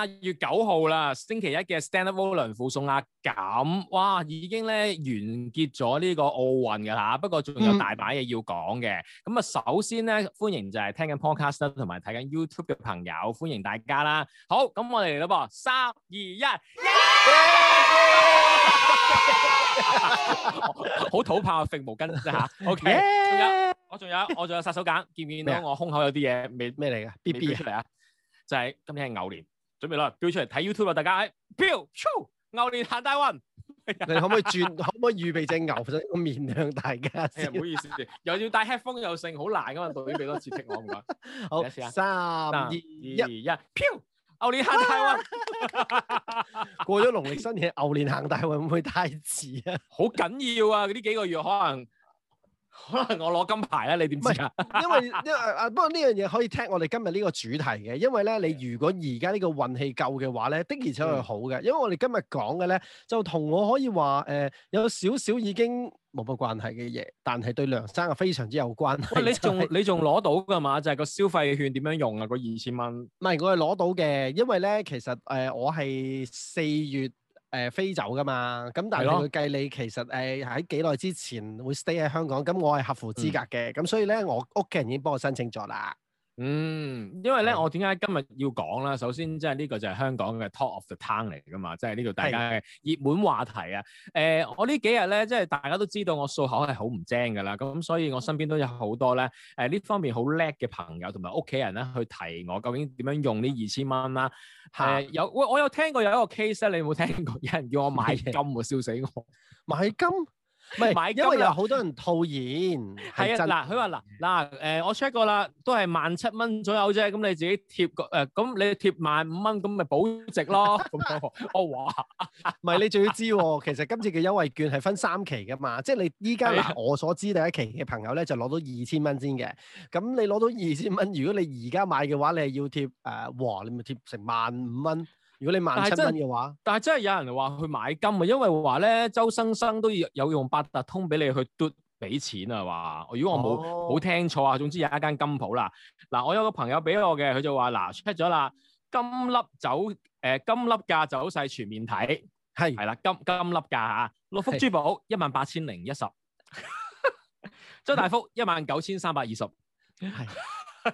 八月九號啦，星期一嘅 stand up volun 附送呀咁，哇，已經咧完結咗呢個奧運噶吓，不過仲有大把嘢要講嘅。咁啊，首先咧，歡迎就係聽緊 podcast 啦，同埋睇緊 youtube 嘅朋友，歡迎大家啦。好，咁我哋嚟喇噃，三二一，好土炮啊，甩毛巾啦吓，ok，仲有我仲有我仲有殺手鐧，見唔見到我胸口有啲嘢未？咩嚟噶？bb 出嚟啊，就係今年係牛年。準備落嚟，飄出嚟睇 YouTube 啊，大家，票 show 牛年行大運， 你可唔可以轉？ 可唔可以預備隻牛仔個面向大家？唔、 哎、好意思，又要戴 headphone 又剩，好難噶嘛！導演俾多次剔 我唔該，好，三二一，票牛年行大運， 過咗農曆新年，牛年行大運會唔會太遲啊？好 緊要啊！呢啲幾個月可能。可能我攞金牌咧，你點知啊？因為因為、呃、 啊，不過呢樣嘢，可以聽我哋今日呢個主題嘅。因為咧，你如果而家呢個運氣夠嘅話咧，的而且確係好嘅，嗯、因為我哋今日講嘅咧，就同我可以話誒、呃，有少少已經冇乜關係嘅嘢，但係對梁生啊非常之有關。喂，就是、你仲你仲攞到噶嘛？就係、是、個消費券點樣用啊？個二千蚊？唔係，我係攞到嘅，因為咧，其實誒、呃，我係四月。誒、呃、飛走噶嘛，咁但係佢會計你其實誒喺幾耐之前會 stay 喺香港，咁我係合乎資格嘅，咁、嗯、所以咧我屋企人已經幫我申請咗啦。嗯，因為咧，嗯、我點解今日要講啦？首先，即係呢個就係香港嘅 talk of the town 嚟噶嘛，即係呢個大家嘅熱門話題啊。誒的、呃，我幾呢幾日咧，即係大家都知道我數口係好唔精噶啦，咁所以我身邊都有好多咧誒呢、呃、方面好叻嘅朋友同埋屋企人咧去提我，究竟點樣用呢二千蚊啦？誒、呃，的有喂，我有聽過有一個 case 咧，你有冇聽過？有人叫我買金喎、啊，笑死我！買金？唔係買，因為有好多人套現。係、嗯、啊，嗱，佢話嗱嗱，誒、啊，我 check 過啦，都係萬七蚊左右啫。咁、嗯、你自己貼個誒，咁、啊啊、你貼萬五蚊，咁咪保值咯。咁講、 嗯、哇！唔係你仲要知喎，其實今次嘅優惠券係分三期嘅嘛。即係你依家、 啊、我所知第一期嘅朋友咧，就攞到二千蚊先嘅。咁你攞到二千蚊，如果你而家買嘅話，你係要貼誒、啊、哇，你咪貼成萬五蚊。如果你萬七蚊嘅話，但係真係有人話去買金啊，因為話咧周生生都要有用八達通俾你去嘟俾錢啊，話，如果我冇冇、哦、聽錯啊，總之有一間金鋪啦。嗱，我有個朋友俾咗我嘅，佢就話嗱出咗啦，金粒走，誒、呃、金粒價走勢全面睇，係係是啦，金金粒價啊，六福珠寶一萬八千零一十，周大福一萬九千三百二十，係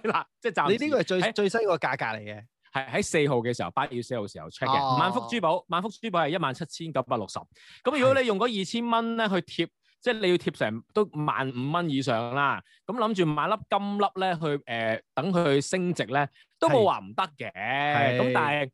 啦是， 即係賺。你呢個係最最新個價格嚟嘅。喺四號嘅時候，八月四號嘅時候 check 嘅，oh. 萬福珠寶，萬福珠寶係一萬七千九百六十。咁如果你用嗰二千蚊咧去貼，是即係你要貼成都萬五蚊以上啦。咁諗住買粒金粒咧去誒、呃，等佢去升值咧，都冇話唔得嘅。咁是但係。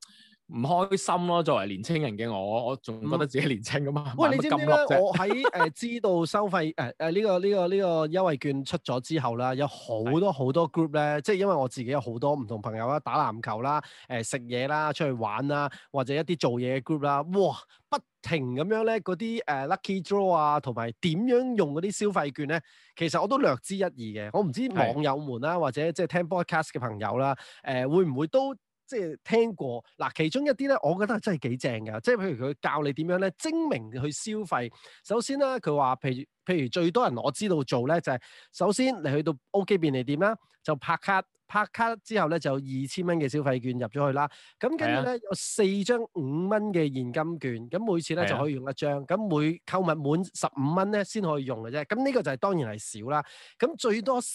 唔開心咯、啊，作為年青人嘅我，我仲覺得自己年青噶嘛。慢慢喂，你知唔知咧？我喺誒、呃、知道收費誒誒呢個呢、呢個呢、呢個優惠券出咗之後啦，有好多好 多，多 group 咧，即係因為我自己有好多唔同朋友啦，打籃球啦，誒食嘢啦，出去玩啦，或者一啲做嘢嘅 group 啦，哇，不停咁樣咧，嗰啲誒 lucky draw 啊，同埋點樣用嗰啲消費券咧，其實我都略知一二嘅。我唔知網友們啦， 或者即係聽 broadcast 嘅朋友啦，誒、呃、會唔會都？即係聽過嗱，其中一啲咧，我覺得真係幾正㗎。即係譬如佢教你點樣咧精明去消費。首先咧，佢話譬如譬如最多人我知道做咧就係首先你去到 OK 便利店啦，就拍卡。拍卡之後咧就二千蚊嘅消費券入咗去啦，咁跟住咧有四張五蚊嘅現金券，咁每次咧就可以用一張，咁每購物滿十五蚊咧先可以用嘅啫。咁呢個就係當然係少啦。咁最多誒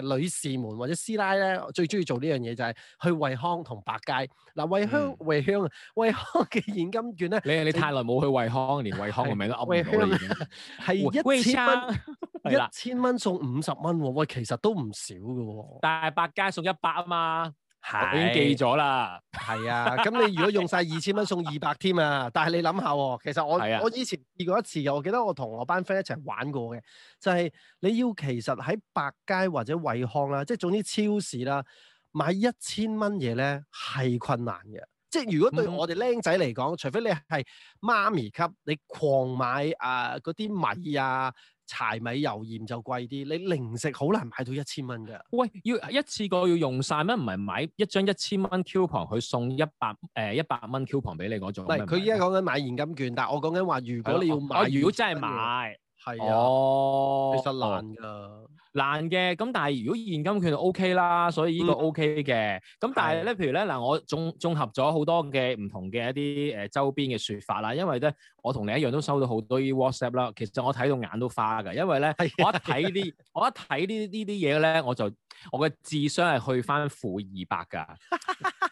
誒，女士們或者師奶咧最中意做呢樣嘢就係去惠康同百佳。嗱，惠香惠香惠康嘅現金券咧，你你太耐冇去惠康，連惠康個名都噏唔到啦已經。係一千蚊。一千蚊送五十蚊，喂，其實都唔少嘅。但係百佳送一百啊嘛，係是已經記咗啦。係啊，咁 你如果用晒二千蚊送二百添啊！但係你諗下，其實我、啊、我以前試過一次嘅，我記得我同我班 friend 一齊玩過嘅，就係、是、你要其實喺百佳或者惠康啊，即係總之超市啦，買一千蚊嘢咧係困難嘅。即係如果對我哋僆仔嚟講，嗯、除非你係媽咪級，你狂買啊嗰啲米啊。柴米油鹽就貴啲，你零食好難買到一千蚊㗎。喂，要一次過要用晒咩？唔係買一張一千蚊 coupon 去送一百誒、呃、一百蚊 coupon 俾你嗰種。唔係，佢依家講緊買現金券，但係我講緊話如果你要買、啊，如果真係買係啊，其實難㗎。難嘅，咁但係如果現金佢券 O K 啦，所以個、OK、呢個 O K 嘅，咁但係咧，譬如咧嗱，我綜綜合咗好多嘅唔同嘅一啲誒周邊嘅説法啦，因為咧我同你一樣都收到好多啲 WhatsApp 啦，其實我睇到眼都花㗎，因為咧的我一睇啲 我一睇呢呢啲嘢咧我就。我嘅智商係去翻負二百噶，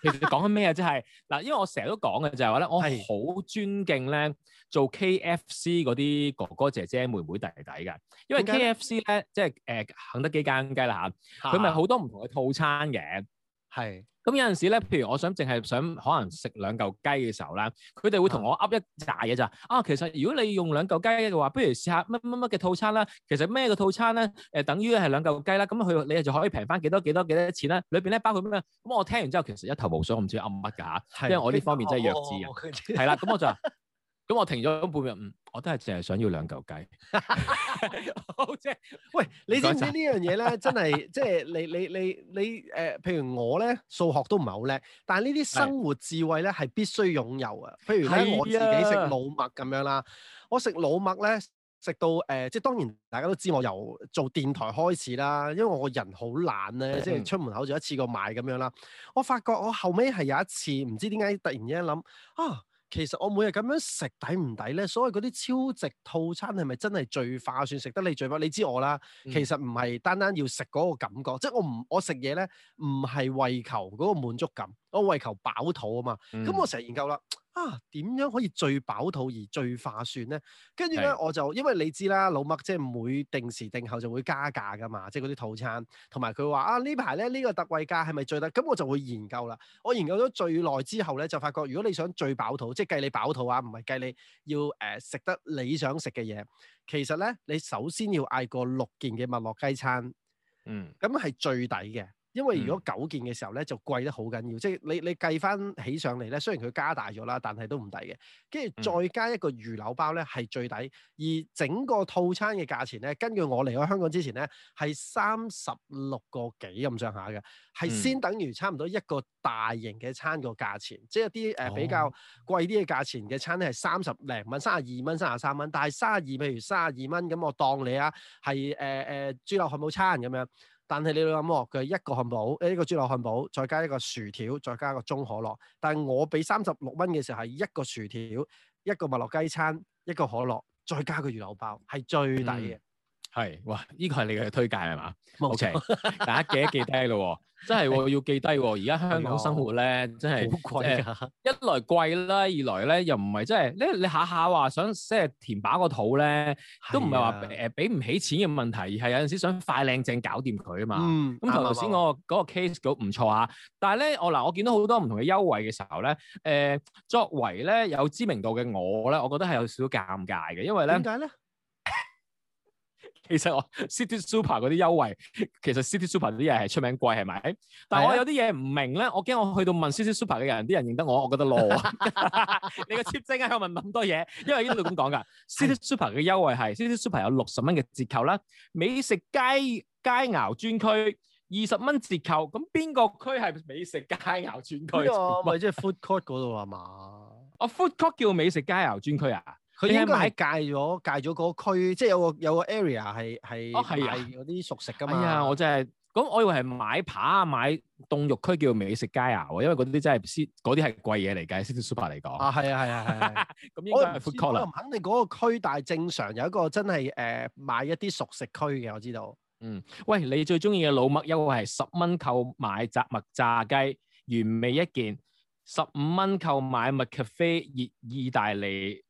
其實你講緊咩啊？即係嗱，因為我成日都講嘅就係話咧，我係好尊敬咧做 KFC 嗰啲哥哥姐姐妹妹弟弟嘅，因為 KFC 咧即係誒肯德基間雞啦嚇，佢咪好多唔同嘅套餐嘅。係。咁、嗯、有陣時咧，譬如我想淨係想可能食兩嚿雞嘅時候咧，佢哋會同我噏一紮嘢咋？啊，其實如果你用兩嚿雞嘅話，不如試下乜乜乜嘅套餐啦。其實咩嘅套餐咧？誒、呃，等於係兩嚿雞啦。咁、嗯、佢你就可以平翻幾多幾多幾多，少多少錢啦、啊。裏邊咧包括咩？咁、嗯、我聽完之後其實一頭霧水，我唔知噏乜㗎嚇。的因為我呢方面真係弱智人。係啦、哦，咁 我就。 咁我停咗半秒，嗯，我都係淨係想要兩嚿雞。 喂，你知唔知呢樣嘢咧？ 真係即係你你你你誒、呃，譬如我咧，數學都唔係好叻，但係呢啲生活智慧咧係必須擁有嘅。譬如咧，我自己食老麥咁樣啦，啊、我食老麥咧食到誒、呃，即係當然大家都知我由做電台開始啦，因為我個人好懶咧，嗯、即係出門口就一次過買咁樣啦。我發覺我後尾係有一次唔知點解突然之間諗啊～其實我每日咁樣食，抵唔抵咧？所謂嗰啲超值套餐是是，係咪真係最化算食得你最化？你知我啦，嗯、其實唔係單單要食嗰個感覺，即、就、係、是、我唔我食嘢咧，唔係為求嗰個滿足感，我為求飽肚啊嘛。咁、嗯、我成日研究啦。啊，點樣可以最飽肚而最划算咧？跟住咧，是我就因為你知啦，老麥即係每定時定後就會加價噶嘛，即係嗰啲套餐，同埋佢話啊呢排咧呢個特惠價係咪最低，咁我就會研究啦。我研究咗最耐之後咧，就發覺如果你想最飽肚，即係計你飽肚啊，唔係計你要誒食、呃、得你想食嘅嘢。其實咧，你首先要嗌個六件嘅麥樂雞餐，嗯，咁係最抵嘅。因為如果九件嘅時候咧，就貴得好緊要，即係你你計翻起上嚟咧，雖然佢加大咗啦，但係都唔抵嘅。跟住再加一個魚柳包咧，係最抵。而整個套餐嘅價錢咧，根據我離開香港之前咧，係三十六個幾咁上下嘅，係先等於差唔多一個大型嘅餐個價錢，嗯、即係啲誒比較貴啲嘅價錢嘅餐咧，係三十零蚊、三十二蚊、三十三蚊。但係三十二，譬如三十二蚊咁，我當你啊係誒誒豬柳漢堡餐咁樣。但係你諗啊，一個漢堡，一個豬柳漢堡，再加一個薯條，再加一個中可樂。但係我俾三十六蚊嘅時候，係一個薯條，一個麥樂雞餐，一個可樂，再加個魚柳包，係最抵嘅。嗯。係，哇！依個係你嘅推介係嘛？O K，大家記得記低咯，真係要記低。而家香港生活咧，哦、真係好貴，呃、一來貴啦，二來咧又唔係真係，你你下下話想即係填飽個肚咧，都唔係話誒俾唔起錢嘅問題，而係有陣時想快靚正搞掂佢啊嘛。咁頭頭先我嗰、嗰個 case 都唔錯啊，但係咧我嗱我，我見到好多唔同嘅優惠嘅時候咧，誒、呃、作為咧有知名度嘅我咧，我覺得係有少少尷尬嘅，因為咧點解咧？其實我 City Super 嗰啲優惠，其實 City Super 啲嘢係出名貴，係咪？但係我有啲嘢唔明咧，我驚我去到問 City Super 嘅人，啲人認得我，我覺得囉。你個貼正喺度問咁多嘢，因為呢度咁講㗎。 City Super 嘅優惠係 City Super 有六十蚊嘅折扣啦，美食街街牛專區二十蚊折扣，咁邊個區係美食街牛專區？唔係即係 Food Court 嗰度啊嘛？我 Food Court 叫美食街牛專區啊？佢應該喺戒咗戒咗嗰區，即係有個有個 area 係係啊，係有啲熟食噶嘛。哎呀，我真係咁，我以為係買扒啊，買凍肉區叫美食街啊，因為嗰啲真係嗰啲係貴嘢嚟㗎，喺 super 嚟講啊，係啊，係啊，係啊，咁 應該係 full、啊、肯定嗰個區，但係正常有一個真係誒、呃、買一啲熟食區嘅，我知道。嗯，喂，你最中意嘅老麥優惠係十蚊購買雜麥炸雞原味一件，十五蚊購買麥 cafe 熱意大利。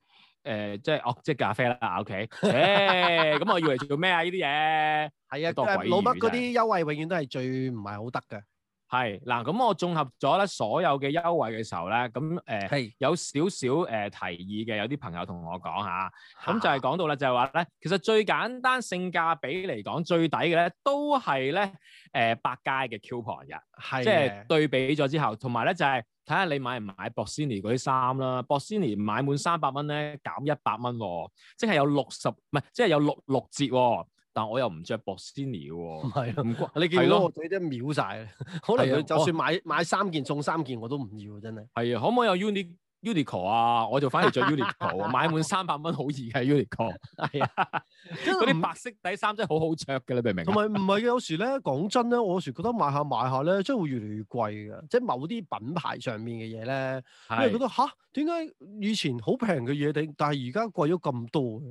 誒、呃、即係哦，即係咖啡啦，OK，誒咁我要嚟做咩啊？呢啲嘢係啊，多多老北嗰啲優惠永遠都係最唔係好得嘅。係嗱，咁我綜合咗咧所有嘅優惠嘅時候咧，咁誒、呃、是有少少誒提議嘅，有啲朋友同我講嚇，咁就係講到啦，就係話咧，其實最簡單性價比嚟講最抵嘅咧，都係咧誒百佳嘅 coupon 嘅，即、呃、係的對比咗之後，同埋咧就係睇下你買唔買博斯尼嗰啲衫啦，博斯尼買滿三百蚊咧減一百蚊喎，即係有六十唔係即係有六六折喎、哦。但我又唔着 Bossini 嘅喎，係啦，你見到我對都秒曬，可能佢就算買買三件送三件我都唔要，真係。係啊，可唔可以有 Uniqlo 啊？我就反而着 Uniqlo，買滿三百蚊好易嘅 Uniqlo，係啊，嗰啲白色底衫真係好好着嘅你明唔明？同埋唔係有時咧講真咧，我有時覺得買下買下咧，將會越嚟越貴嘅，即係某啲品牌上面嘅嘢咧，你覺得吓？點解以前好平嘅嘢頂，但係而家貴咗咁多？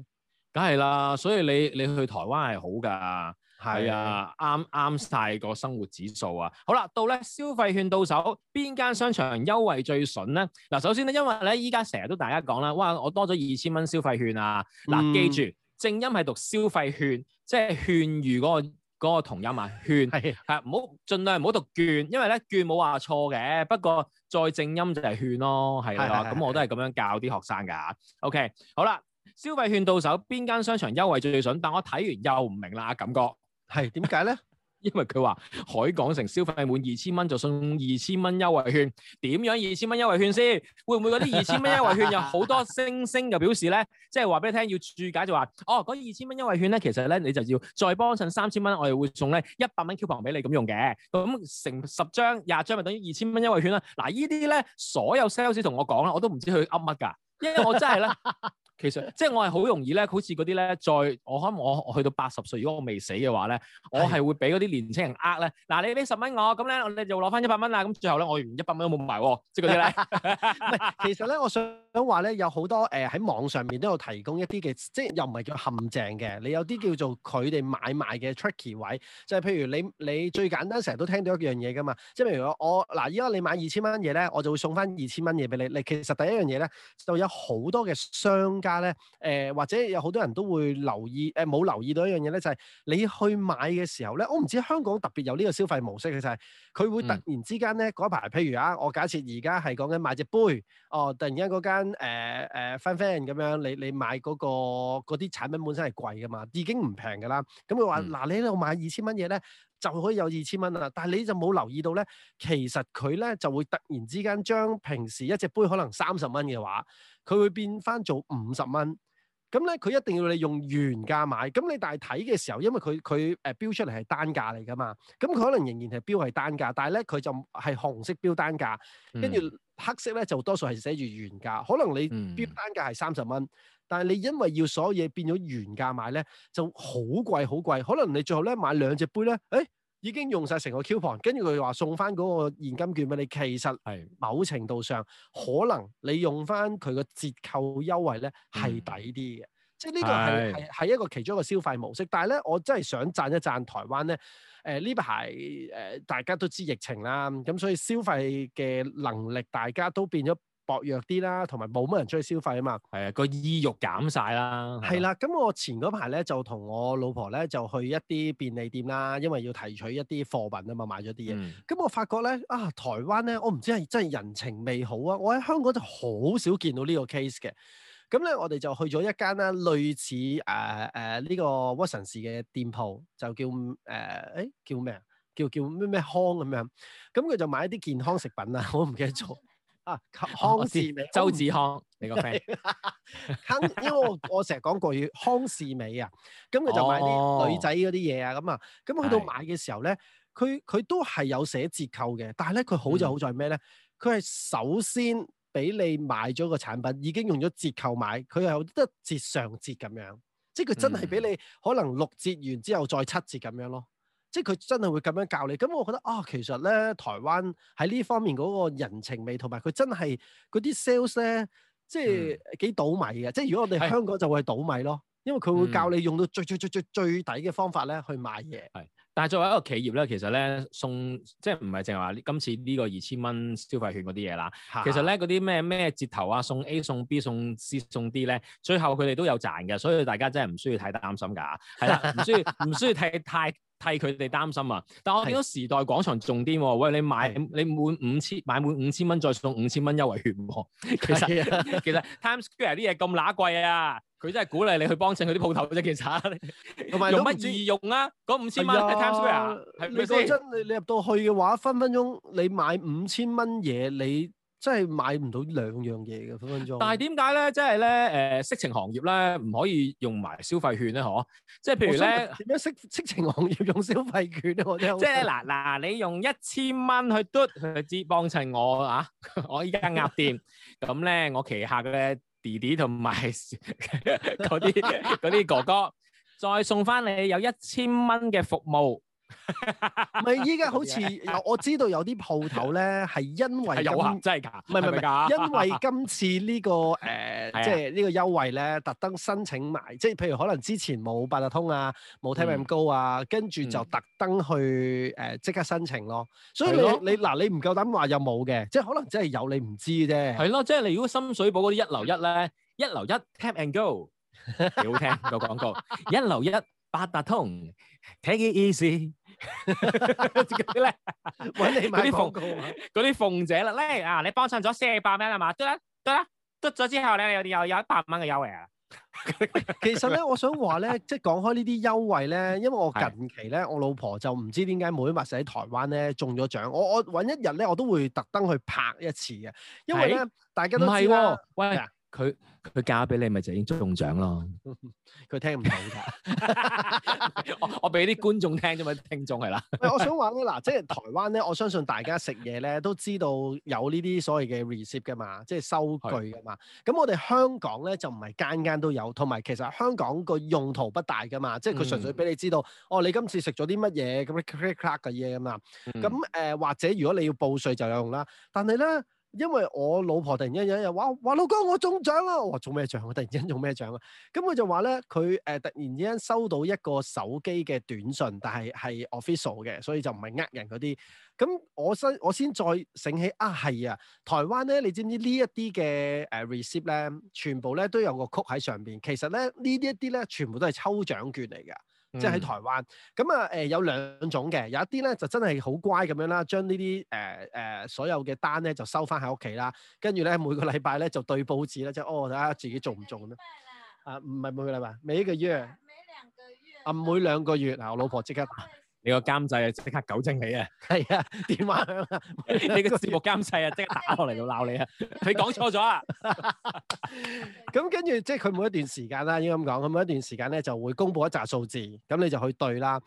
梗係啦，所以你你去台灣係好㗎，係啊，啱啱晒個生活指數啊。好啦，到咧消費券到手，邊間商場優惠最筍咧？嗱，首先咧，因為咧依家成日都大家講啦，哇，我多咗二千蚊消費券、嗯、啊。嗱，記住正音係讀消費券，即係勸喻嗰個嗰個同音啊，勸係，係唔好盡量唔好讀券，因為咧券冇話錯嘅，不過再正音就係勸咯，係啊，咁我都係咁樣教啲學生㗎吓。OK，好啦。消費券到手，邊間商場優惠最筍？但我睇完又唔明啦，感覺係點解咧？因為佢話海港城消費滿二千蚊就送二千蚊優惠券，點樣二千蚊優惠券先？會唔會嗰啲二千蚊優惠券有好多星星？就表示咧， 即係話俾你聽要注解就話哦，嗰二千蚊優惠券咧，其實咧你就要再幫襯三千蚊，我哋會送咧一百蚊 coupon 俾你咁用嘅。咁成十張、廿張咪等於二千蚊優惠券啦。嗱、啊，呢啲咧所有 sales 同我講啦，我都唔知佢噏乜噶，因為我真係咧。 其實即係我係好容易咧，好似嗰啲咧，再我可能我去到八十歲，如果我未死嘅話咧，我係會俾嗰啲年青人呃咧。嗱， 你俾十蚊我，咁咧你就攞翻一百蚊啦。咁最後咧，我連一百蚊都冇埋喎，即係嗰啲咧。唔係，其實咧，我想。想話咧，有好多誒喺、呃、網上面都有提供一啲嘅，即係又唔係叫陷阱嘅。你有啲叫做佢哋買賣嘅 tricky 位，就係、是、譬如你你最簡單成日都聽到一樣嘢噶嘛，即係譬如我嗱，依家你買二千蚊嘢咧，我就會送翻二千蚊嘢俾你。你其實第一樣嘢咧，就有好多嘅商家咧，誒、呃、或者有好多人都會留意，誒、呃、冇留意到一樣嘢咧，就係、是、你去買嘅時候咧，我唔知香港特別有呢個消費模式嘅就係，佢會突然之間咧嗰排，譬如啊，我假設而家係講緊買隻杯，哦，突然間嗰間。誒誒 friend friend 咁樣，你你買嗰、那個嗰啲產品本身係貴嘅嘛，已經唔平嘅啦。咁佢話：嗱、嗯啊，你喺度買二千蚊嘢咧，就可以有二千蚊啦。但係你就冇留意到咧，其實佢咧就會突然之間將平時一隻杯可能三十蚊嘅話，佢會變翻做五十蚊。咁咧，佢一定要你用原價買。咁你但係睇嘅時候，因為佢佢誒標出嚟係單價嚟嘅嘛，咁佢可能仍然係標係單價，但係咧佢就係紅色標單價，跟住、嗯。黑色咧就多數係寫住原價，可能你標單價係三十蚊，但係你因為要所有嘢變咗原價買咧，就好貴好貴。可能你最後咧買兩隻杯咧，誒已經用晒成個 coupon，跟住佢話送翻嗰個現金券俾你。其實某程度上可能你用翻佢個折扣優惠咧係抵啲嘅，即係呢個係係係一個其中一個消費模式。但係咧，我真係想讚一讚台灣咧。誒呢排誒大家都知疫情啦，咁、嗯、所以消費嘅能力大家都變咗薄弱啲啦，同埋冇乜人出去消費啊嘛。係啊，個意欲減晒啦。係啦、嗯，咁、啊、我前嗰排咧就同我老婆咧就去一啲便利店啦，因為要提取一啲貨品啊嘛，買咗啲嘢。咁、嗯嗯、我發覺咧啊，台灣咧我唔知係真係人情味好啊，我喺香港就好少見到呢個 case 嘅。咁咧，我哋就去咗一間咧，類似誒誒呢個屈臣氏嘅店鋪，就叫誒誒叫咩啊？叫叫咩咩康咁樣。咁佢就買一啲健康食品啊,康 啊，我唔記得咗啊。康士美，周志康，你個 friend。因為我成日講過康士美啊，咁佢就買啲女仔嗰啲嘢啊，咁啊，咁去到買嘅時候咧，佢佢都係有寫折扣嘅，但係咧佢好就好在咩咧？佢係首先。俾你買咗個產品，已經用咗折扣買，佢又得折上折咁樣，即係佢真係俾你、嗯、可能六折完之後再七折咁樣咯，即係佢真係會咁樣教你。咁我覺得啊、哦，其實咧台灣喺呢方面嗰個人情味同埋佢真係嗰啲 sales 咧，即係幾倒米嘅。嗯、即係如果我哋香港就會倒米咯，的因為佢會教你用到最、嗯、最最最最底嘅方法咧去買嘢。但係作為一個企業咧，其實咧送，即係唔係淨係話今次呢個二千蚊消費券嗰啲嘢啦，啊、其實咧嗰啲咩咩折頭啊，送 A 送 B 送 C 送 D 咧，最後佢哋都有賺嘅，所以大家真係唔需要太擔心㗎，係啦， 唔需要唔需要睇太，太替佢哋擔心啊！但我睇到時代廣場重啲喎、啊，喂你買你滿五千買滿五千蚊再送五千蚊優惠券喎、啊。其實其實 Times Square 啲嘢咁乸貴啊，佢真係鼓勵你去幫襯佢啲鋪頭啫。其實、啊、 用乜意用啊？嗰五千蚊喺 Times Square 係、啊、咪、哎、呀你你入到去嘅話，分分鐘你買五千蚊嘢你。真係買唔到兩樣嘢嘅分分鐘。但係點解咧？即係咧，誒色情行業咧唔可以用埋消費券咧，嗬？即係譬如咧，點樣色色情行業用消費券咧？即係嗱嗱，你用一千蚊去嘟去支幫襯我啊！我依家間鴨店，咁咧我旗下嘅弟弟同埋嗰啲嗰啲哥哥，再送翻你有一千蚊嘅服務。唔係依家好似我知道有啲鋪頭咧，係因為有真係噶，唔係唔係唔係假。因為今次呢個誒，即係呢個優惠咧，特登申請埋，即係譬如可能之前冇八達通啊，冇 tap and go 啊，跟住就特登去誒，即刻申請咯。所以你嗱，你唔夠膽話有冇嘅，即係可能真係有你唔知啫。係咯，即係你如果深水埗嗰啲一流一咧，一流一 tap and go，幾好聽個廣告，一流一。八達通，睇佢意思，自己咧揾你買啲鳳，嗰啲鳳姐啦咧啊！你幫襯咗四百蚊係嘛？得啦，得啦，得咗之後咧，又又有一百蚊嘅優惠啊！其實咧，我想話咧，即係講開呢啲優惠咧，因為我近期咧，我老婆就唔知點解每一日使喺台灣咧中咗獎，我我揾一日咧，我都會特登去拍一次嘅，因為咧大家都係啦，喂佢。佢嫁俾你咪就已經中獎咯。佢聽唔到㗎。我我俾啲觀眾聽啫嘛，聽眾係啦。我想話咧嗱，即係台灣咧，我相信大家食嘢咧都知道有呢啲所謂嘅 receipt 嘅嘛，即係收據嘅嘛。咁我哋香港咧就唔係間間都有，同埋其實香港個用途不大嘅嘛，即係佢純粹俾你知道，哦，你今次食咗啲乜嘢咁樣 clack clack 嘅嘢啊嘛。咁誒，或者如果你要報稅就有用啦，但係咧。因為我老婆突然之間又話：話，老公我中獎啦！我話中咩獎？我突然之間中咩獎啊？咁佢就話咧，佢誒突然之間收到一個手機嘅短信，但係係 official 嘅，所以就唔係呃人嗰啲。咁我先我先再醒起，啊係啊，台灣咧，你知唔知呢一啲嘅誒 receipt 咧，全部咧都有個曲喺上邊。其實咧呢啲一啲咧，全部都係抽獎券嚟㗎。嗯、即喺台灣，咁啊誒有兩種嘅。有一啲咧就真係好乖咁樣、呃呃、啦，將呢啲誒誒所有嘅單咧就收翻喺屋企啦，跟住咧每個禮拜咧就對報紙啦，即係哦睇下自己做唔做啦。啊，唔係每個禮拜，每一個月。每兩個月。啊，每兩個月，嗱、啊，我老婆即刻好。 你個監製啊，即刻糾正你啊！係啊，電話 你個節目監製啊，即刻打落嚟，就鬧你啊！佢講錯咗啊！咁 跟住即係佢每一段時間啦，應該咁講，佢每一段時間咧就會公布一紮數字，咁你就去對啦。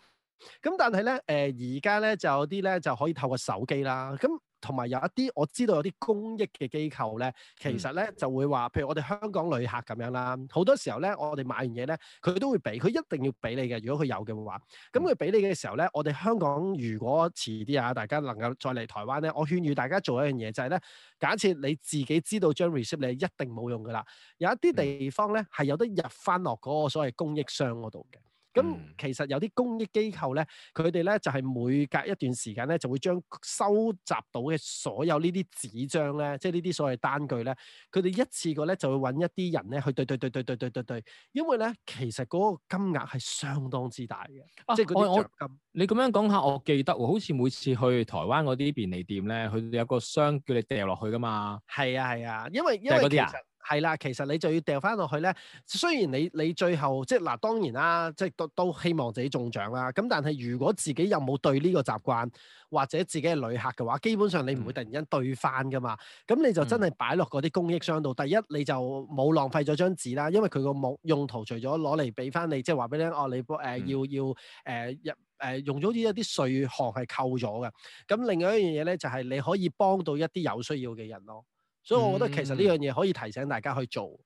咁但係咧，誒而家咧就有啲咧就可以透過手機啦。咁同埋有一啲我知道有啲公益嘅機構咧，其實咧就會話，譬如我哋香港旅客咁樣啦，好多時候咧，我哋買完嘢咧，佢都會俾，佢一定要俾你嘅。如果佢有嘅話，咁佢俾你嘅時候咧，我哋香港如果遲啲啊，大家能夠再嚟台灣咧，我勸喻大家做一樣嘢就係咧，假設你自己知道張 receipt 你一定冇用噶啦，有一啲地方咧係有得入翻落嗰個所謂公益箱嗰度嘅。咁其實有啲公益機構咧，佢哋咧就係每隔一段時間咧，就會將收集到嘅所有呢啲紙張咧，即係呢啲所謂單據咧，佢哋一次過咧就會揾一啲人咧去對對對對對對對對，因為咧其實嗰個金額係相當之大嘅，即係嗰啲獎金。我，你咁樣講下，我記得喎，好似每次去台灣嗰啲便利店咧，佢有個箱叫你掉落去㗎嘛。係啊係啊，因為因為其實。係啦，其實你就要掉翻落去咧。雖然你你最後即係嗱、啊，當然啦，即係都都希望自己中獎啦。咁但係如果自己又冇對呢個習慣，或者自己係旅客嘅話，基本上你唔會突然間對翻㗎嘛。咁、嗯、你就真係擺落嗰啲公益箱度。第一你就冇浪費咗張紙啦，因為佢個目用途除咗攞嚟俾翻你，即係話俾你聽哦、啊，你誒、呃、要要誒入誒用咗啲一啲稅項係扣咗嘅。咁另外一樣嘢咧就係、是、你可以幫到一啲有需要嘅人咯。所以，So 嗯、我覺得其實呢樣嘢可以提醒大家去做。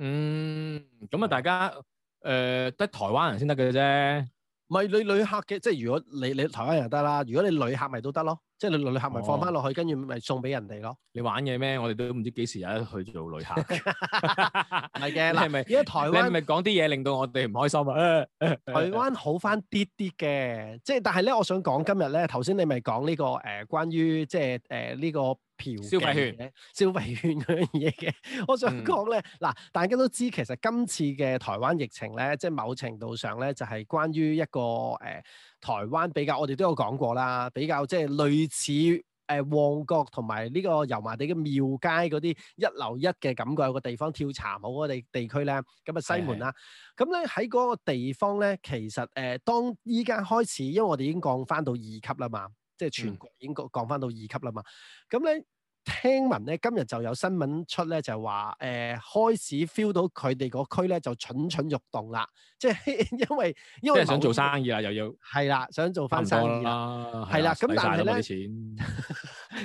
嗯，咁啊的，大家誒得、呃、台灣人先得嘅啫。唔係你旅客嘅，即係如果你你台灣人得啦，如果你旅客咪都得咯。即係你旅客咪放翻落去，跟住咪送俾人哋咯。你玩嘢咩？我哋都唔知幾時有得去做旅客。嘅 的。係嘅， 嗱，因為台灣你係咪講啲嘢令到我哋唔開心啊？ 台灣好翻啲啲嘅，即、就、係、是、但係咧，我想講今日咧，頭先你咪講呢個誒、呃呃，關於即係誒呢個。呃呃呃呃消費券嘅消費券嗰樣嘢嘅， 我想講咧，嗱，大家都知其實今次嘅台灣疫情咧，即係某程度上咧，就係、是、關於一個誒、呃、台灣比較，我哋都有講過啦，比較即係類似誒、呃、旺角同埋呢個油麻地嘅廟街嗰啲一流一嘅感覺，有個地方跳查好嗰地地區咧，咁啊西門啦，咁咧喺嗰個地方咧，其實誒、呃、當依家開始，因為我哋已經降翻到二級啦嘛。即係全國已經降翻到二級啦嘛，咁咧聽聞咧，今日就有新聞出咧，就係話誒，開始 feel 到佢哋嗰區咧，就蠢蠢欲動啦，即 係因為因為想做生意啦又要係啦想做翻生意啦係啦，咁但係咧錢。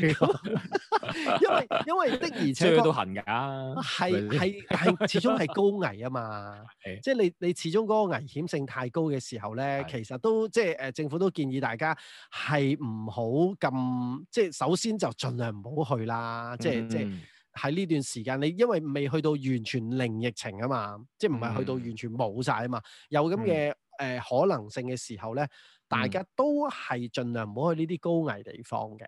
因為因為的而且，所以都行噶、啊。係係係， 始終係高危啊嘛。 即係你你始終嗰個危險性太高嘅時候咧， 其實都即係誒，政府都建議大家係唔好咁，即係首先就盡量唔好去啦。嗯、即係即係喺呢段時間，你因為未去到完全零疫情啊嘛，即係唔係去到完全冇晒啊嘛，有咁嘅誒可能性嘅時候咧，大家都係盡量唔好去呢啲高危地方嘅。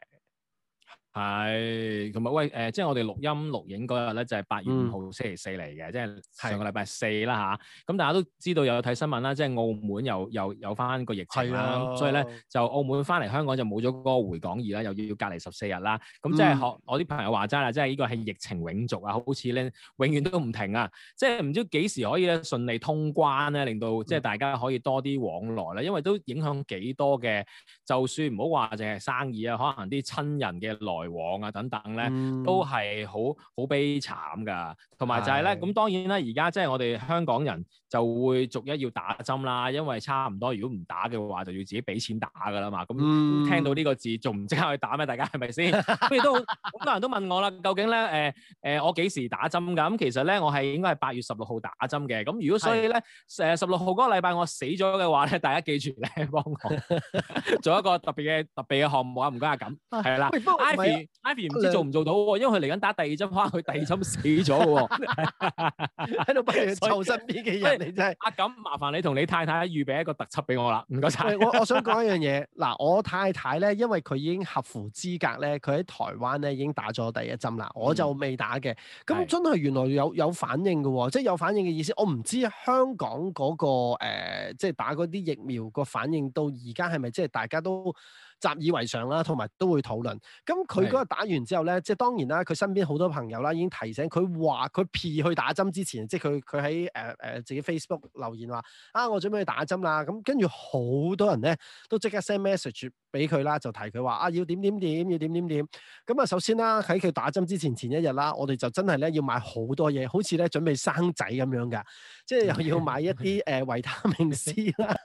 係，咁埋喂，誒、呃，即係我哋錄音錄影嗰日咧，就係、是、八月五號、嗯、星期四嚟嘅，即係上個禮拜四啦吓，咁、啊、大家都知道又有睇新聞啦，即係澳門又又有翻個疫情啦，啊、所以咧就澳門翻嚟香港就冇咗嗰個回港易啦，又要隔離十四日啦。咁、嗯嗯、即係學我啲朋友話齋啦，即係呢個係疫情永續啊，好似咧永遠都唔停啊。即係唔知幾時可以咧順利通關咧，令到即係大家可以多啲往來啦，因為都影響幾多嘅，就算唔好話淨係生意啊，可能啲親人嘅來往啊，等等咧，都係好好悲慘噶，同埋就係咧，咁當然啦，而家即係我哋香港人就會逐一要打針啦，因為差唔多，如果唔打嘅話，就要自己俾錢打噶啦嘛。咁聽到呢個字，仲唔即刻去打咩？大家係咪先？咁亦都好多人都問我啦，究竟咧，誒誒，我幾時打針噶？咁其實咧，我係應該係八月十六號打針嘅。咁如果所以咧，誒，十六號嗰個禮拜我死咗嘅話咧，大家記住咧，幫我做一個特別嘅特別嘅項目啊，唔該阿咁係啦。Ivy 唔知做唔做到，因為佢嚟緊打第二針，佢第二針死咗喺度，不如湊身邊嘅人，你真係阿錦，麻煩你同你太太預備一個特輯俾我啦，唔該晒。我我想講一樣嘢，嗱， 我太太咧，因為佢已經合乎資格咧，佢喺台灣咧已經打咗第一針啦，我就未打嘅。咁、嗯、真係原來有有反應嘅喎、哦，即、就、係、是、有反應嘅意思。我唔知香港嗰、那個即係、呃就是、打嗰啲疫苗個反應到而家係咪即係大家都。習以為常啦，同埋都會討論。咁佢嗰個打完之後咧，即係當然啦，佢身邊好多朋友啦已經提醒佢話佢 P 去打針之前，即係佢佢喺誒誒自己 Facebook 留言話啊，ah, 我準備去打針啦。咁跟住好多人咧都即刻 send message 俾佢啦，就提佢話啊，要點點點，要點點點。咁啊、嗯，首先啦，喺佢打針之前前一日啦，我哋就真係咧要買好多嘢，好似咧準備生仔咁樣嘅，即係又要買一啲誒維他命 C 啦，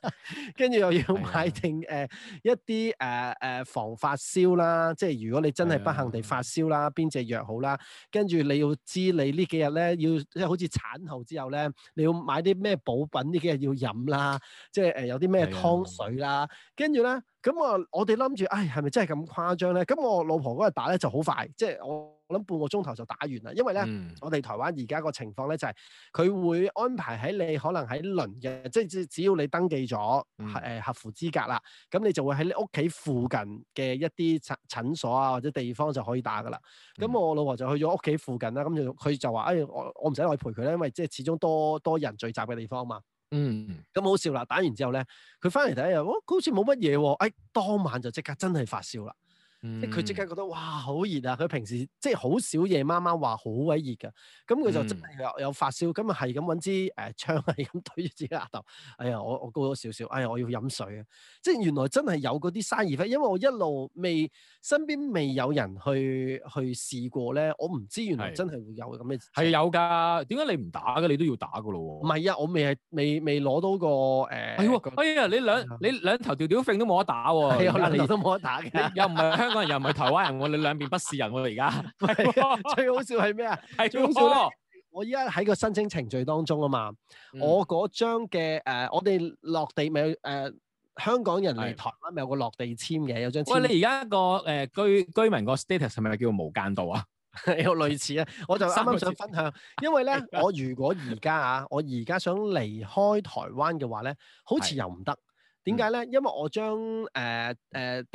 跟住又要買定誒一啲誒。誒誒、呃、防發燒啦，即係如果你真係不幸地發燒啦，邊隻的藥好啦？跟住你要知你幾呢幾日咧，要即係好似產後之後咧，你要買啲咩補品？呢幾日要飲啦，即係誒有啲咩湯水啦？的跟住咧。咁啊，我哋諗住，唉，係咪真係咁誇張咧？咁我老婆嗰日打咧就好快，即係我我諗半個鐘頭就打完啦。因為咧，嗯、我哋台灣而家個情況咧就係、是、佢會安排喺你可能喺輪嘅，即係只只要你登記咗誒合符資格啦，咁、嗯、你就會喺你屋企附近嘅一啲診診所啊或者地方就可以打㗎啦。咁、嗯、我老婆就去咗屋企附近啦，咁就佢就話：唉、哎，我我唔使去陪佢咧，因為即係始終多多人聚集嘅地方嘛。嗯，咁好笑啦！打完之後咧，佢翻嚟睇下，哦，佢好似冇乜嘢喎，誒，當晚就即刻真係發燒啦。嗯、即佢即刻覺得哇好熱啊！佢平時即係好少夜媽媽話好鬼熱嘅，咁佢、啊、就真係有、嗯、有發燒，咁啊係咁揾支誒槍係咁懟住自己額頭。哎呀，我我高咗少少，哎呀，我要飲水啊！即係原來真係有嗰啲生熱症，因為我一路未身邊未有人去去試過咧，我唔知原來真係會有咁嘅。係啊，有噶，點解你唔打嘅？你都要打噶咯？唔係啊，我未係未未攞到、呃哎呦那個誒。哎呀，你兩、哎、呦你兩兩頭吊吊揈都冇得打喎、啊，你兩頭都冇得打嘅、啊， 你 又唔係。香港人又唔係台灣人喎，你 兩邊不是人喎，而家最好笑係咩啊？係的最好笑咯！我依家喺個申請程序當中啊嘛，嗯、我嗰張嘅誒、呃，我哋落地咪有、呃、香港人嚟台灣咪有個落地簽嘅有張簽。喂，你而家、那個誒、呃、居居民個 status 係咪叫做無間道啊？ 有類似啊，我就啱啱想分享，因為咧，的我如果而家啊，我而家想離開台灣嘅話咧，好似又唔得。點解咧？因為我將誒誒誒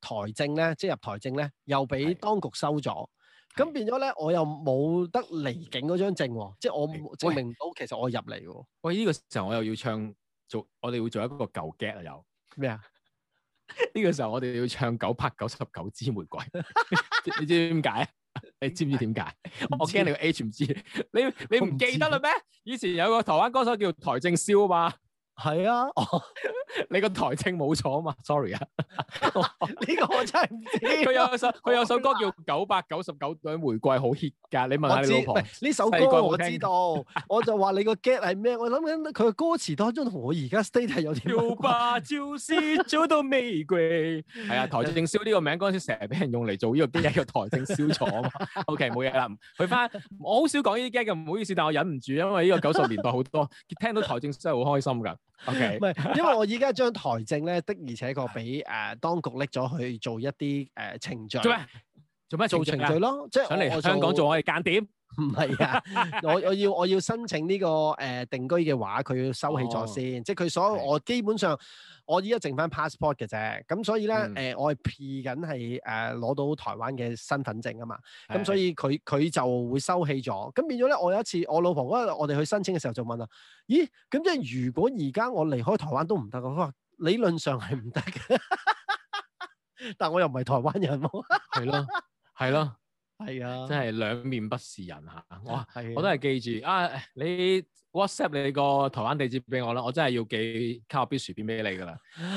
台證咧，即係入台證咧，又俾當局收咗，咁的變咗咧，我又冇得離境嗰張證、哦，即係我證明唔到其實我入嚟。喂，呢、這個時候我又要唱做，我哋會做一個舊 get 啊，有咩啊？呢 個時候我哋要唱九百九十九支玫瑰， 你知唔 知點解？ 你知唔知點解？我驚你個 H 唔知，你你唔記得啦咩？以前有個台灣歌手叫邰正宵嘛。係啊，你個邰正冇錯啊嘛，sorry 啊，呢個我真係唔知。佢有首佢有首歌叫《九百九十九朵玫瑰》好 hit 噶，你問下你老婆。呢首歌我知道，我就話你個 get 係咩？我諗緊佢嘅歌詞當中同我而家 state 係有啲。九就是做到朵玫瑰。係啊，邰正宵呢個名嗰陣時成日俾人用嚟做呢個 get 叫邰正宵咗啊嘛。OK，冇嘢啦，佢翻。我好少講呢啲 get 嘅，唔好意思，但係我忍唔住，因為呢個九十年代好多聽到邰正宵真係好開心噶。O K，唔係，okay, 因為我而家將台證咧的而且確俾誒、呃、當局拎咗去做一啲誒、呃、程序。做咩？做咩？做程序咯，啊，即係想嚟香港做我哋間點？唔係 啊！我我要我要申請呢、這個誒、呃、定居嘅話，佢要收起咗先。哦、即係佢所是的 我基本上我而家剩翻 passport 嘅啫。咁所以咧，誒、嗯呃、我係 P 緊係誒攞到台灣嘅身份證啊嘛。咁、嗯、所以佢佢就會收起咗。咁變咗咧，我有一次我老婆嗰日我哋去申請嘅時候就問啦，咦？咁即係如果而家我離開台灣都唔得嘅？佢話理論上係唔得嘅， 但我又唔係台灣人喎。係 咯，係咯。係啊，真係兩面不是人嚇、啊，我、啊、我都係記住啊你。WhatsApp 你個台灣地址俾我啦，我真係要寄卡必薯片俾你噶啦。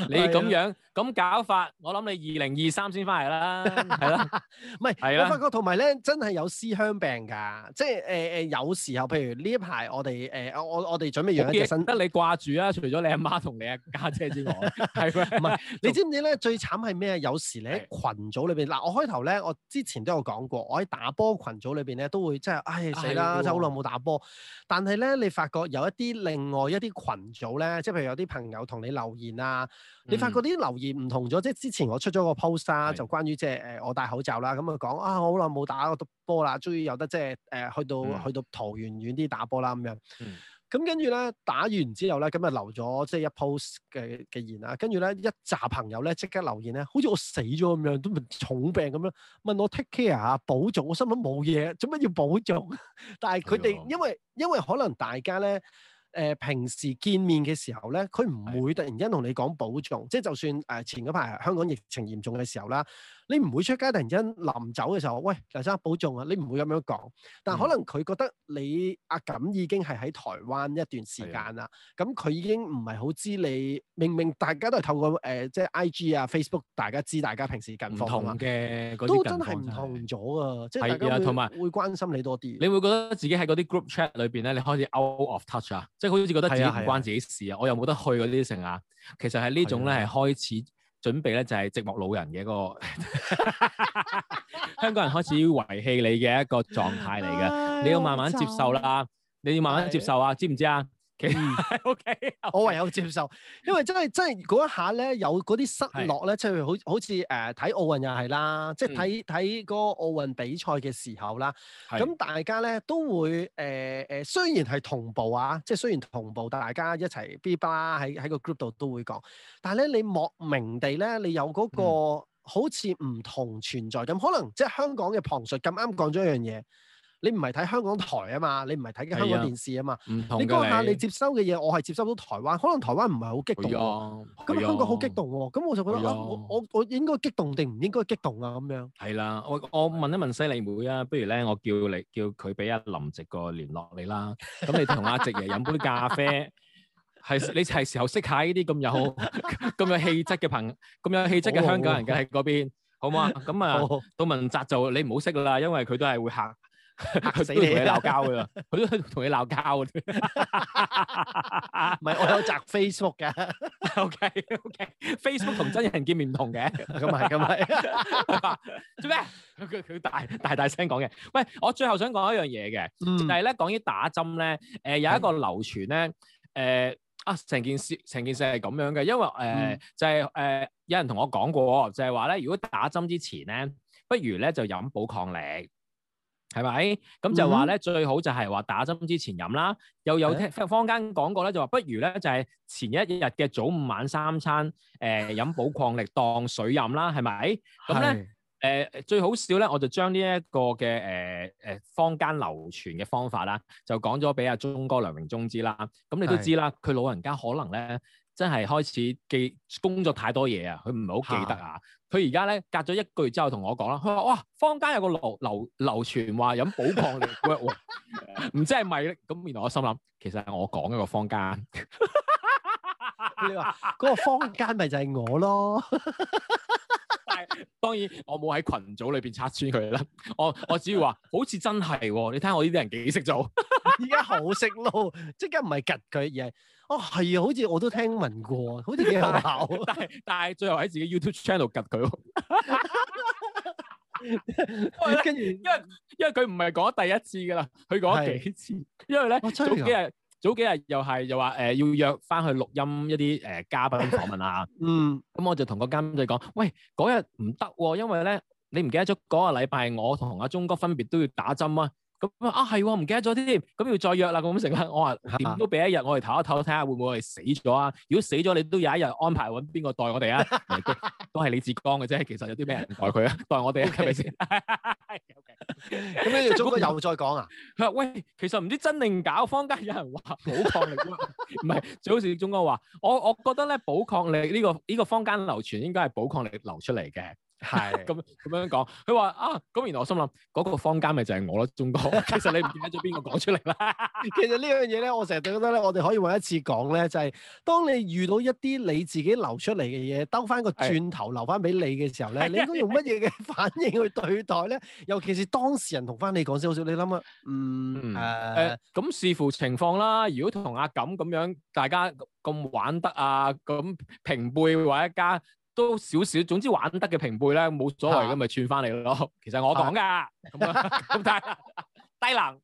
你咁樣咁的搞法，我諗你二零二三先翻嚟啦，係啦，唔係，我發覺同埋咧，真係有思鄉病㗎，即係誒誒，有時候譬如呢一排我哋誒、呃、我我我哋準備養，神得你掛住啊，除咗你阿媽同你阿家姐之外，係唔係？ 是還你知唔知咧？最慘係咩？有時你喺群組裏邊嗱，的我開頭咧，我之前都有講過，我喺打波群組裏邊咧都會真係，唉死啦，真係好耐冇打波， 但係咧你發覺有一啲另外一啲群組咧，即係譬如有啲朋友同你留言啊，嗯、你發覺啲留言唔同咗，即係之前我出咗個 post 啊，的就關於即係誒我戴口罩啦，咁啊講啊好耐冇打過波啦，終於有得即係誒去到、嗯、去到桃園遠啲打波啦咁樣。嗯。咁跟住咧打完之後咧，咁啊留咗即係一 post 嘅嘅言啦，跟住咧一紮朋友咧即刻留言咧，好似我死咗咁樣，都唔重病咁樣，問我 take care 啊，保重。我心諗冇嘢，做咩要保重？但係佢哋因為因為可能大家咧誒平時見面嘅時候咧，佢唔會突然間同你講保重，即係就算誒前嗰排香港疫情嚴重嘅時候啦。你唔會出街突然間臨走嘅時候，喂，大生保重啊！你唔會咁樣講，但可能佢覺得你阿錦已經係喺台灣一段時間啦，咁佢已經唔係好知你。明明大家都係透過誒即係 IG 啊 Facebook 大家知大家平時近況嘅都真係唔同咗啊！即係同埋會會關心你多啲，你會覺得自己喺嗰啲 group chat 裏邊咧，你開始 out of touch 啊，即係好似覺得自己關自己事啊。我又冇得去嗰啲成啊，其實係呢種咧係開始。準備呢就係寂寞老人嘅一個 香港人開始遺棄你嘅一個狀態嚟嘅，呦你要慢慢接受啦，就你要慢慢接受啊，的知唔知啊？O.K. 我唯有接受，因為真係真係嗰一下咧，有嗰啲失落咧，是即係好好似誒睇奧運又係啦，即係睇睇嗰個奧運比賽嘅時候啦。咁是、嗯嗯、大家咧都會誒誒、呃，雖然係同步啊，即係雖然同步，但大家一齊嗶吧啦喺喺個 group 度都會講，但係咧你莫名地咧，你有嗰個好似唔同存在咁，嗯、可能即係香港嘅旁述咁啱講咗一樣嘢。你唔係睇香港台啊嘛，你唔係睇緊香港電視啊嘛，唔同㗎。你講下你接收嘅嘢，我係接收到台灣，可能台灣唔係好激動喎，咁香港好激動喎，咁我就覺得我我我應該激動定唔應該激動啊？咁樣。係啦，我我問一問犀利妹啊，不如咧我叫你叫佢俾阿林夕個聯絡你啦，咁你同阿夕爺飲杯咖啡，係你係時候識下呢啲咁有咁有氣質嘅朋，咁有氣質嘅香港人嘅喺嗰邊，好唔好啊？咁啊，杜文澤就你唔好識啦，因為佢都係會客。吓死你！鬧交噶，佢都同你鬧交嘅！唔係，我有集 face、 okay, okay. Facebook 嘅，OK OK，Facebook 同真人見面唔同嘅，咁係咁係。做咩？佢 佢大大大聲講嘅。 喂，我最後想講一樣嘢嘅，但係咧講起打針咧，誒、呃、有一個流傳咧，誒啊成件事成件事係咁樣嘅，因為誒、呃嗯、就係、是、誒、呃、有人同我講過，就係話咧如果打針之前咧，不如咧就飲補抗力。係咪？咁就話咧，嗯、最好就係話打針之前飲啦。又有聽坊間講過咧的，就話不如咧就係前一日嘅早午晚三餐，誒、呃、飲寶礦力當水飲啦，係咪？咁咧誒最好笑咧，我就將呢一個嘅誒誒坊間流傳嘅方法啦，就講咗俾阿忠哥梁榮忠知啦。咁你都知啦，佢的老人家可能咧。真係開始記工作太多嘢啊！佢唔係好記得啊！佢而家咧隔咗一個月之後同我講啦，佢話：哇，坊間有個流流流傳話飲寶礦力，唔知係咪咧？咁原來我心諗，其實係我講一個坊間。 你話嗰、嗰個坊間咪就係我咯？ 但當然我，我冇喺群組裏邊拆穿佢啦。我我只要話，好似真係喎！你睇下我呢啲人幾識做， 而家好識撈，即刻唔係及佢而係。哦，係啊，好似我都聽聞過，好似幾有效。但係，但係最後喺自己 YouTube channel 及佢。因為咧，因為因為佢唔係講第一次噶啦，佢講幾次。的因為咧、哦，早幾日早幾日又係又話誒、呃、要約翻去錄音一啲誒、呃、嘉賓訪問啊。 嗯。咁我就同個監製就講：喂，嗰日唔得，因為咧你唔記得咗嗰、那個禮拜，我同阿忠哥分別都要打針啊。咁啊，啊係，唔記得咗啲添，咁要再約啦，咁成啦，我話點都俾一日，看看會會我哋唞一唞，睇下會唔會係死咗啊？如果死咗，你都有一日安排揾邊個代我哋啊？ 都係李志江嘅啫，其實有啲咩人代佢啊？代我哋啊，係咪先？咁咧，中哥又再講啊？佢話：喂，其實唔知真定假，坊間有人話補抗力，唔係就好似中哥話：我我覺得咧，補抗力呢、呢個呢、呢個呢個坊間流傳應該係補抗力流出嚟嘅。係咁咁樣講，佢話 啊，咁原來我心諗嗰、那個坊間咪就係我咯，中哥。其實你唔記得咗邊個講出嚟啦。 其實呢樣嘢咧，我成日都覺得咧，我哋可以再一次講咧，就係、是、當你遇到一啲你自己流出嚟嘅嘢，兜翻個轉頭，留翻俾你嘅時候咧，的你應該用乜嘢嘅反應去對待咧？ 尤其是當事人同翻你講少少，你諗下，嗯誒，咁、嗯呃呃、視乎情況啦。如果同阿錦咁樣大，大家咁玩得啊，咁平輩或一家。都少少，總之玩得嘅平輩咧，冇所謂咁咪、啊、串翻嚟咯。其實我講噶，咁但係低能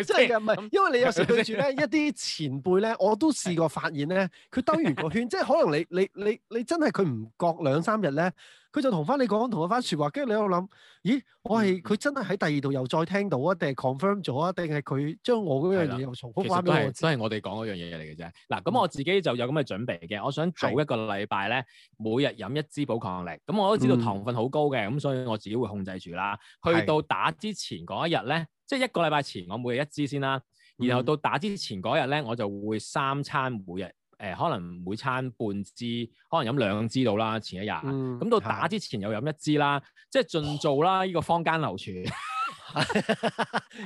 係咪先？因為你有時對住咧一啲前輩咧，我都試過發現咧，佢兜完個圈， 即係可能你你你你，你真係佢唔覺兩三日咧。佢就同翻你講同我翻説話，跟住你喺度諗，咦？我係佢真係喺第二度又再聽到啊？定係 confirm 咗啊？定係佢將我嗰樣嘢又重複翻俾我？其實都係，都係我哋講嗰樣嘢嚟嘅啫。嗱，咁我自己就有咁嘅準備嘅，我想早一個禮拜咧，每日飲一支補抗力。咁我都知道糖分好高嘅，咁、嗯、所以我自己會控制住啦。去到打之前嗰一日咧，即係的一個禮拜前，我每日一支先啦。然後到打之前嗰日咧，我就會三餐每日。誒、呃、可能每餐半支，可能飲兩支到啦，前一日咁、嗯、到打之前又飲一支啦，的即係盡做啦，呢 個坊間流傳。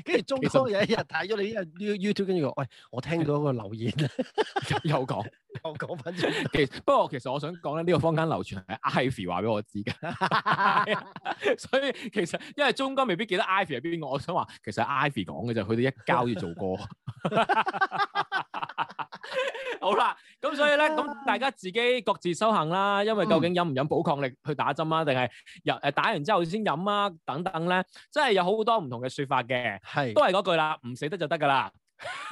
跟住 中哥有一日睇咗你呢日實 YouTube 跟住我，喂、哎，我聽到個留言 又講說，又講翻。其實不過其實我想講咧，呢、這個坊間流傳係 Ivy 話俾我知嘅， 所以其實因為中哥未必記得 Ivy 係邊個，我想話其實 Ivy 講嘅就係佢哋一交要做歌。 好啦，咁所以咧，咁大家自己各自修行啦。因為究竟飲唔飲補抗力去打針啊，定係入誒打完之後先飲啊？等等咧，真係有好多。唔同嘅說法嘅，係都係嗰句啦，唔死得就得噶啦。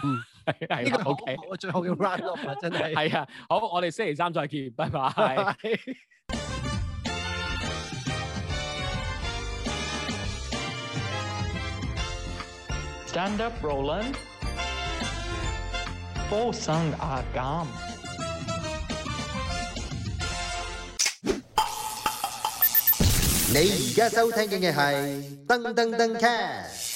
嗯，呢個 OK，我最後要 round up 咯，真係。係啊，好，我哋星期三再見，拜拜。Stand up, Roland. For some are gone. 你而家收聽嘅係噔噔噔 cast。